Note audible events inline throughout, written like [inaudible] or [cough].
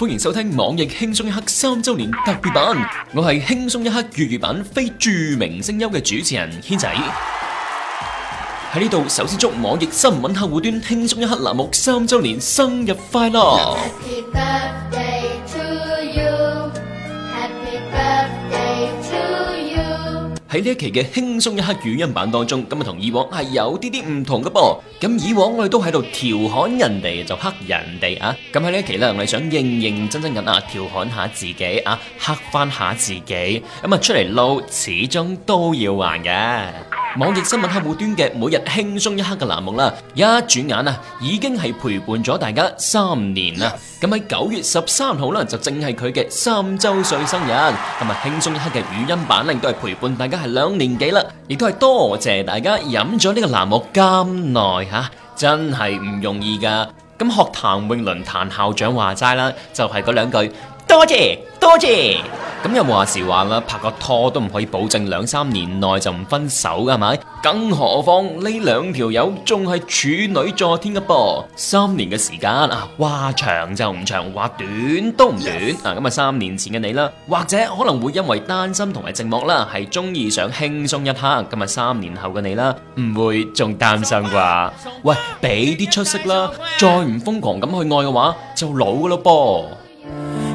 歡迎收聽網易輕鬆一刻三周年特別版，我是，我係輕鬆一刻粵語版非著名聲優嘅主持人軒仔。喺呢度首先祝網易新聞客戶端輕鬆一刻欄目三周年生日快樂。喺呢一期嘅輕鬆一刻語音版當中，咁啊同以往係有啲啲唔同嘅噃。咁以往我哋都喺度調侃人哋就黑人哋啊。咁喺呢一期咧，我哋想認認真真咁啊調侃下自己啊，黑翻下自己。咁啊黑自己出嚟撈，始終都要還嘅。網易新聞客戶端嘅每日輕鬆一刻嘅欄目啦，一轉眼啊，已經係陪伴咗大家三年啦。咁喺九月十三號啦，就正係佢嘅三周歲生日。咁啊，輕鬆一刻嘅語音版咧，都係陪伴大家係兩年幾啦，亦都係多謝大家飲咗呢個欄目咁耐吓，真係唔容易噶。咁學譚詠麟譚校長話齋啦，就係嗰兩句。多謝多謝，咁又話時話啦，拍個拖都唔可以保證兩三年內就唔分手噶係咪？更何況呢兩條友仲係處女座添嘅噃，三年嘅時間啊，話長就唔長，話短都唔短 Yes. 啊！咁啊，三年前嘅你啦，或者可能會因為擔心同埋寂寞啦，係中意想輕鬆一刻。咁啊三年後嘅你啦，唔會仲擔心啩？喂，俾啲出色啦，再唔瘋狂咁去愛嘅話，就老噶咯噃。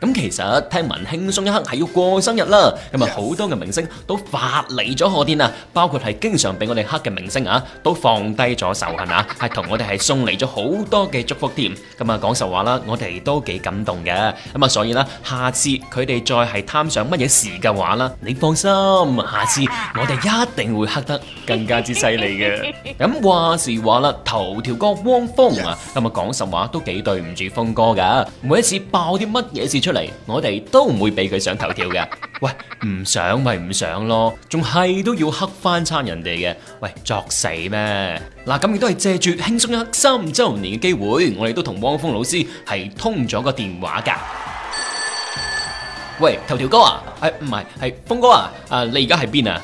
咁其實聽聞輕鬆一刻係要過生日啦，咁啊好多嘅明星都發嚟咗賀電啊，包括係經常俾我哋黑嘅明星啊，都放低咗仇恨啊，係同我哋係送嚟咗好多嘅祝福添。咁啊講實話啦，我哋都幾感動嘅。咁啊所以呢，下次佢哋再係攤上乜嘢事嘅話啦，你放心，下次我哋一定會黑得更加之犀利嘅。咁 [laughs] 話時話啦，頭條哥汪峰啊，咁啊講實話都幾對唔住峰哥噶，每一次爆啲乜嘢事出出嚟，我哋都唔會俾佢上頭條嘅。喂，唔上咪唔上咯，仲係都要黑翻餐人哋嘅。喂，作死咩？嗱，咁亦都係借住輕鬆一刻三周年嘅機會，我哋都同汪峰老師係通咗個電話噶。喂，頭條哥啊？誒、啊，唔係，係峰哥啊？誒、啊，你而家喺邊啊？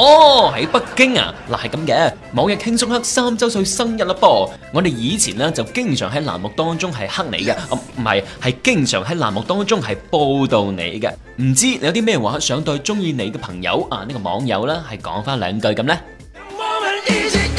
哦，喺北京啊，嗱，係咁嘅。網易輕鬆黑三周歲生日啦噃，我哋以前呢，就經常喺欄目當中係黑你嘅，唔係係經常喺欄目當中係報道你嘅。唔知你有啲咩話想對中意你嘅朋友啊呢、呢個網友咧係講翻兩句咁咧。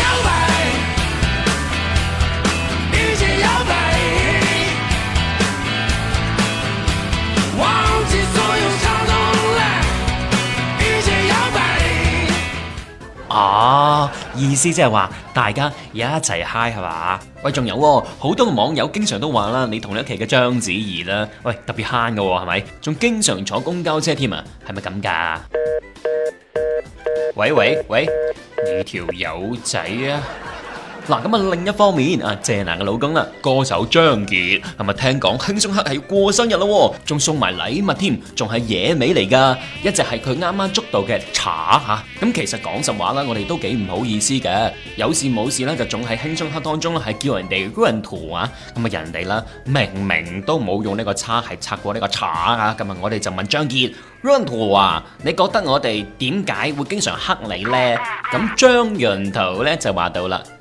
哦、啊，意思即係話大家一齊嗨，係嘛？喂，仲有哦，好多網友經常都話啦，你同一期嘅章子怡啦，喂，特別慳噶，係咪？仲經常坐公交車添啊，係咪咁噶？喂喂喂，你條友仔啊！嗱，咁啊，另一方面啊，謝娜嘅老公啦，歌手張杰，係咪聽講輕鬆黑係要過生日咯，仲送埋禮物添，仲係野味嚟噶，一隻係佢啱啱捉到嘅茶。吓。咁其實講實話啦，我哋都幾唔好意思嘅，有事冇事啦，就總係輕鬆黑當中係叫人哋 run 圖啊。咁啊，人哋啦，明明都冇用呢個叉系拆過呢個叉啊。咁啊，我哋就問張杰 run 圖啊，你覺得我哋點解會經常黑你呢？咁張潤圖咧就話到啦。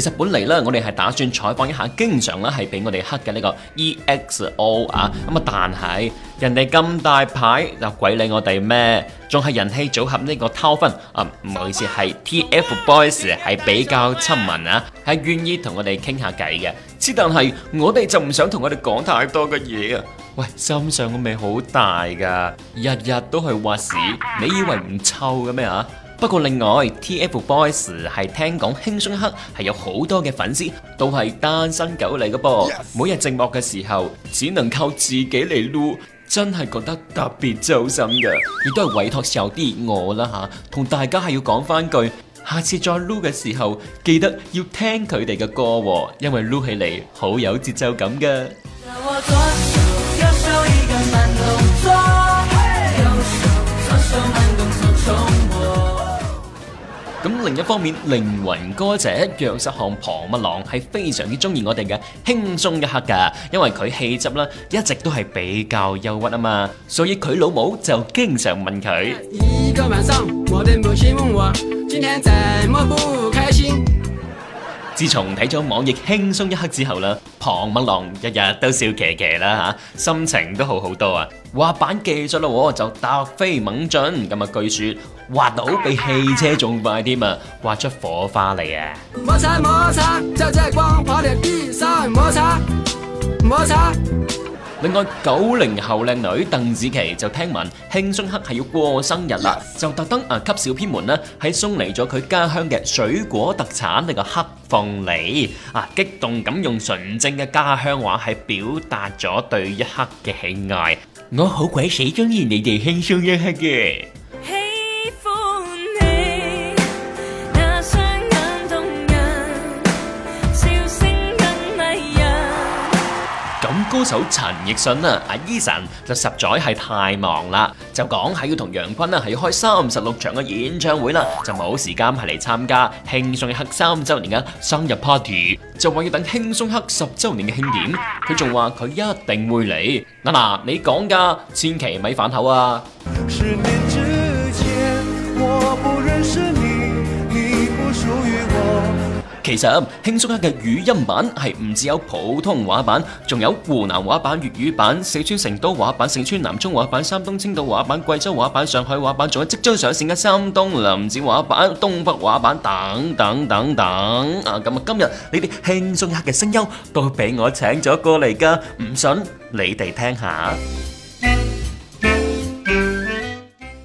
其實本嚟咧，我哋係打算採訪一下經常咧係俾我哋黑嘅呢個 EXO 啊，咁啊，但係人哋咁大牌又鬼理我哋咩？仲係人氣組合呢個偷分啊？唔好意思，係 TFBOYS 係比較親民啊，係願意同我哋傾下偈嘅。只但係我哋就唔想同我哋講太多嘅嘢啊！喂，心上個味好大噶，日日都係話屎，你以為唔臭嘅咩啊？不過另外，TFBOYS 係聽講輕鬆黑係有好多嘅粉絲都係單身狗嚟噶噃，Yes! 每日寂寞嘅時候只能靠自己嚟擼，真係覺得特別揪心嘅，亦都係委託小弟我啦吓，同、啊、大家係要講翻句，下次再擼嘅時候記得要聽佢哋嘅歌，哦，因為擼起嚟好有節奏感噶。咁另一方面，靈魂歌者約瑟翰龐麥郎，係非常之中意我哋嘅輕鬆一刻噶，因為佢氣質啦，一直都係比較憂鬱啊嘛，所以佢老母就經常問佢。一個晚上，我哋母親問我今天怎麼不開心。自從睇咗網易輕鬆一刻之後啦，龐麥郎日日都笑騎騎啦吓，心情都好好多啊，滑板技術啦就突飛猛進，今日據說。挖到比汽車仲快添啊！挖出火花嚟啊！摩擦摩擦，就即係光跑嚟地上摩擦，摩擦。另外，九零後靚女鄧紫棋就聽聞輕鬆一刻係要過生日啦，就特登啊給小編們呢，係送嚟咗佢家鄉嘅水果特產呢個黑鳳梨啊！激動咁用純正嘅家鄉話係表達咗對一刻嘅喜愛。我好鬼死中意你哋輕鬆一刻嘅～歌手陳奕迅啊，阿 Eason 就實在係太忙啦，就講係要同楊坤啦係要開三十六場嘅演唱會啦，就冇時間係嚟參加輕鬆一刻三周年嘅生日 party，就話要等輕鬆一刻十周年嘅慶典，佢仲話佢一定會嚟，嗱嗱，你講噶，千祈咪反口啊！其實輕鬆一刻嘅語音版係唔只有普通話版，仲有湖南話版、粵語版、四川成都話版、四川南充話版、山東青島話版、貴州話版、上海話版，仲有即將上線嘅山東臨沂話版、東北話版等等等等，等等。啊，咁啊，今日你哋輕鬆一刻嘅聲音都俾我請咗過嚟噶，唔信你哋聽下。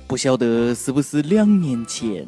不曉得是不是兩年前？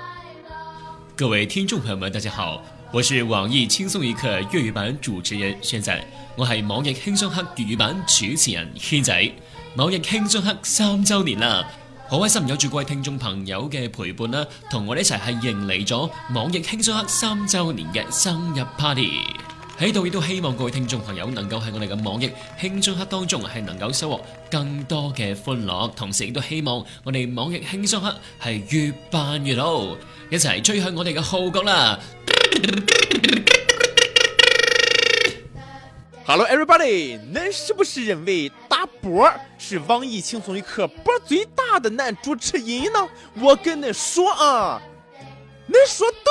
各位聽眾朋友們，大家好，我是網易輕鬆一刻粵語版主持人軒仔，我係網易輕鬆一刻粵語版主持人軒仔。網易輕鬆一刻三周年啦，好開心有住各位聽眾朋友嘅陪伴啦，同我哋一齊係迎嚟咗網易輕鬆一刻三周年嘅生日 party。喺度亦都希望各位聽眾朋友能夠喺我哋嘅網易輕鬆刻當中係能夠收穫更多嘅歡樂，同時亦都希望我哋網易輕鬆刻係越辦越好，一齊吹響我哋嘅號角啦！Hello everybody，你是不是認為打波是網易輕鬆一刻波最大的男主持人呢？我跟你說啊，你說。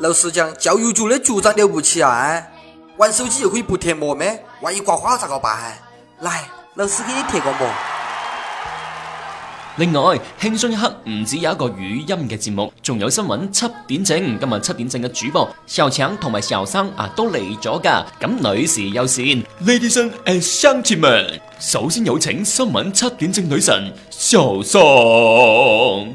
老師講，教育局的局長了不起啊！玩手機又可以不貼膜咩？萬一刮花咋個辦？來，老師給你貼個膜。另外，輕鬆一刻唔止有一個語音嘅節目，仲有新聞七點整。今日七點整嘅主播肖強同埋肖生啊都嚟咗噶。咁女士優先，Ladies and gentlemen，首先有請新聞七點正女神肖總。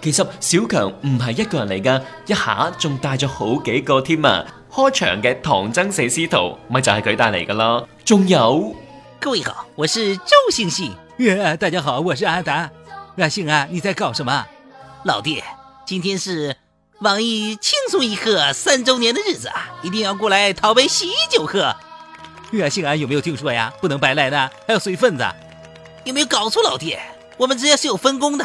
其實小強唔係一個人嚟㗎，一下仲帶咗好幾個添啊！開場嘅唐僧四師徒咪就係、是、佢帶嚟㗎咯。仲有各位好，我是周星星。啊，yeah, 大家好，我是阿達。啊，星啊、啊，你在搞什麼？老弟，今天是網易輕鬆一刻三周年的日子啊，一定要過來討杯喜酒喝。啊，星啊、啊、有沒有聽錯呀？不能白來的，還要隨份子。有沒有搞錯，老弟？我們之間是有分工的。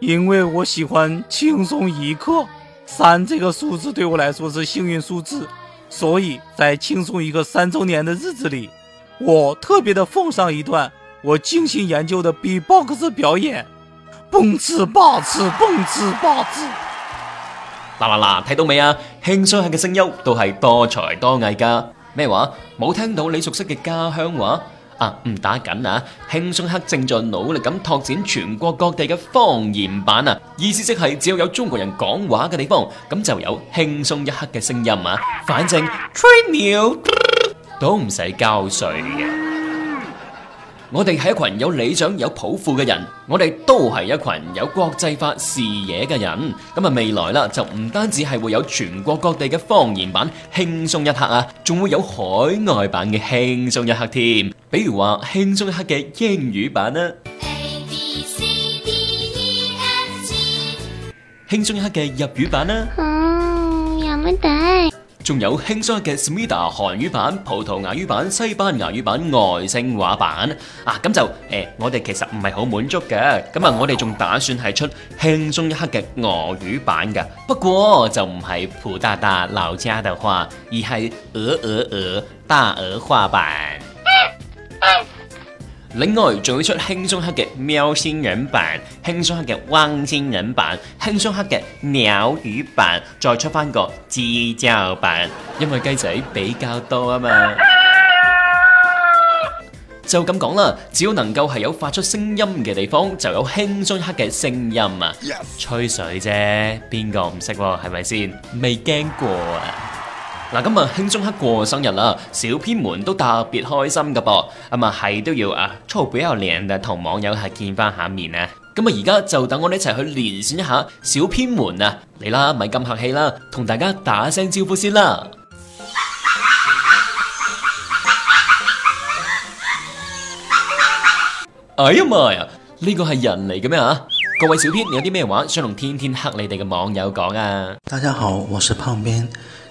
因為我喜歡輕鬆一刻，三這個數字對我來說是幸運數字，所以在輕鬆一刻三周年的日子裏，我特別的奉上一段我精心研究的 B-box 表演，蹦次，吧次，蹦次，吧次！啦啦啦，睇到未啊？輕鬆下嘅聲優都係多才多藝噶。咩話？冇聽到你熟悉嘅家鄉話？啊，唔打緊啊！輕鬆一刻正在努力咁拓展全國各地嘅方言版啊！意思即係，只要有，有中國人講話嘅地方，咁就有輕鬆一刻嘅聲音啊！反正吹牛都唔使交稅嘅。嗯、我哋係一群有理想、有抱負嘅人，我哋都係一群有國際化視野嘅人。咁啊，未來啦，就唔單止係會有全國各地嘅方言版輕鬆一刻啊，仲會有海外版嘅輕鬆一刻添啊。比如話輕鬆一刻嘅英語版啦，A B C D E F G，輕鬆一刻嘅日語版啦，嗯，有乜嘢？仲有輕鬆一刻嘅 Smida 韓語版、葡萄牙語版、西班牙語版、外星話版啊！咁就誒、呃，我哋其實唔係好滿足嘅。咁啊，我哋仲打算係出輕鬆一刻嘅俄語版噶。不過就唔係普大大老家的話，而係鵝鵝鵝大鵝話版。另外仲會出輕鬆黑嘅喵星人版、輕鬆黑嘅汪星人版、輕鬆黑嘅鳥語版，再出翻個雞叫版，因為雞仔比較多啊嘛。就咁講啦，只要能夠係有發出聲音嘅地方，就有輕鬆黑嘅聲音啊。吹水啫，邊個唔識，係咪先？未驚過啊？嗱、啊，今日輕鬆黑過生日啦，小編們都特別開心噶噃，咁啊係都要啊，粗比較靚嘅，同網友係見翻下面啊！咁啊，而家就等我哋一齊去連線一下小編們啊！嚟啦，咪咁客氣啦，同大家打聲招呼先啦！ [laughs] 哎呀媽呀，呢、這個係人嚟嘅咩啊？各位小編，你有啲咩話想同天天黑你哋嘅網友講啊？大家好，我是胖編。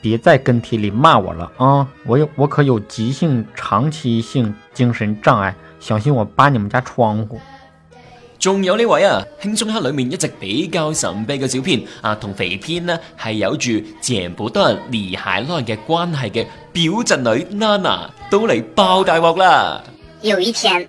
別再跟帖裏罵我了啊！我有我可有急性長期性精神障礙，小心我扒你們家窗戶。仲有呢位啊，輕鬆一刻裏面一直比較神秘嘅小編啊，同肥編呢係有住剪不斷理還亂嘅關係嘅表侄女娜娜都嚟爆大鑊啦！有一天。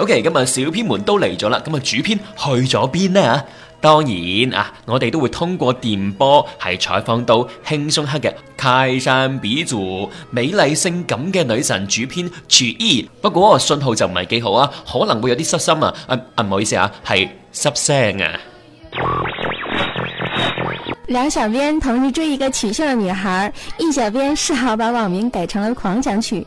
OK，咁啊，小編們都嚟咗啦，咁啊，主編去咗邊呢？啊？當然啊，我哋都會通過電波係採訪到輕鬆黑嘅泰山北斗，美麗性感嘅女神主編廚姨。不過信號就唔係幾好啊，可能會有啲失心啊。啊啊，唔好意思啊，係失聲啊。兩小編同時追一個曲線嘅女孩，一小編示好把網名改成了狂想曲。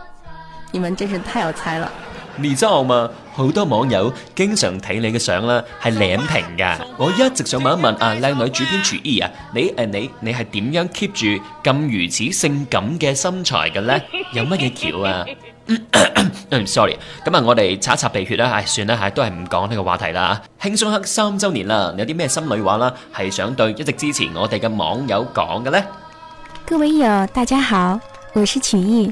你們真是太有才了。而家啊嘛，好多網友經常睇你嘅相啦，係靚評噶。我一直想問一問啊，靚女主編曲意啊，你誒、啊、你你係點樣 keep 住咁如此性感嘅身材嘅呢？ [laughs] 有乜嘢橋啊？唔、嗯、 [coughs] sorry，咁啊我哋擦一擦鼻血啦、啊。唉、哎，算啦，吓、哎、都係唔講呢個話題啦。輕鬆一刻三周年啦，有啲咩心裏話啦，係想對一直支持我哋嘅網友講嘅呢？各位友大家好，我是曲意。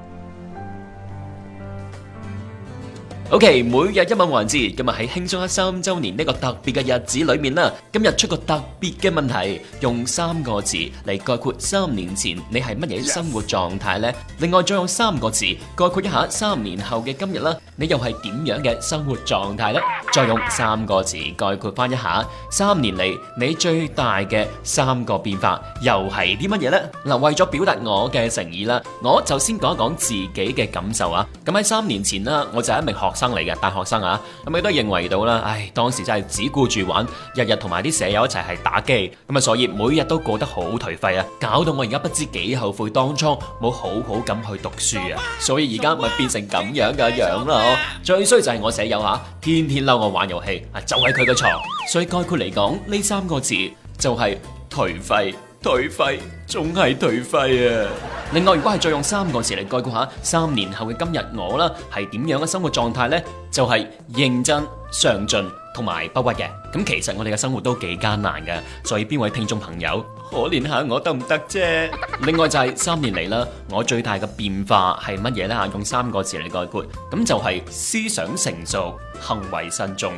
O.K. 每日一問環節，今日喺輕鬆一刻三週年呢個特別嘅日子裏面啦，今日出個特別嘅問題，用三個字嚟概括三年前你係乜嘢生活狀態呢？另外再用三個字概括一下三年後嘅今日啦，你又係點樣嘅生活狀態呢？再用三個字概括翻一下三年嚟你最大嘅三個變化又係啲乜嘢呢？嗱，為咗表達我嘅誠意啦，我就先講一講自己嘅感受啊。咁喺三年前啦，我就係一名學生。生嚟嘅大學生啊，咁亦都認為到啦，唉，當時真係只顧住玩，日日同埋啲舍友一齊係打機，咁啊所以每日都過得好頹廢啊，搞到我而家不知幾後悔當初冇好好咁去讀書啊，所以而家咪變成咁樣嘅樣啦，啊，最衰就係我舍友吓，啊，天天嬲我玩遊戲啊，就喺佢嘅床，所以概括嚟講呢三個字就係頹廢。頹廢，總係頹廢啊！另外，如果係再用三個字嚟概括下三年後嘅今日我啦，係點樣嘅生活狀態呢？就係認真、上進同埋不屈嘅。咁其實我哋嘅生活都幾艱難㗎，所以邊位聽眾朋友可憐下我得唔得啫？另外就係三年嚟啦，我最大嘅變化係乜嘢呢？啊，用三個字嚟概括，咁就係思想成熟、行為慎重、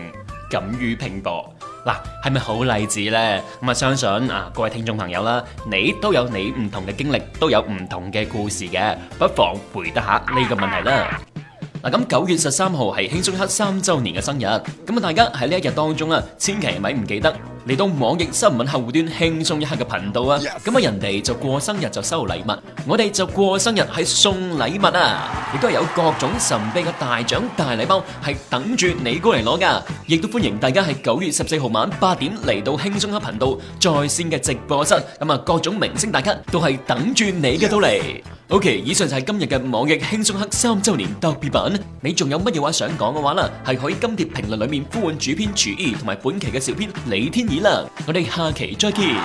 敢於拼搏。嗱，係咪、啊、好例子呢？咁啊，相信啊，各位聽眾朋友啦，你都有你唔同嘅經歷，都有唔同嘅故事嘅，不妨回答下呢個問題啦。嗱，咁九月十三號係輕鬆一刻三周年嘅生日，咁啊，大家喺呢一日當中啊，千祈咪唔記得。嚟到網易新聞客戶端輕鬆一刻嘅頻道啊，咁啊人哋就過生日就收禮物，我哋就過生日係送禮物啊！亦都係有各種神秘嘅大獎大禮包係等住你過嚟攞噶，亦都歡迎大家係九月十四號晚八點嚟到輕鬆一刻頻道在線嘅直播室，咁啊各種明星大咖都係等住你嘅到嚟。OK，以上就係今日嘅網易輕鬆一刻三周年特別版，你仲有乜嘢話想講嘅話啦？係可以今帖評論裏面呼喚主編廚二同埋本期嘅小編李天。我哋下期再見。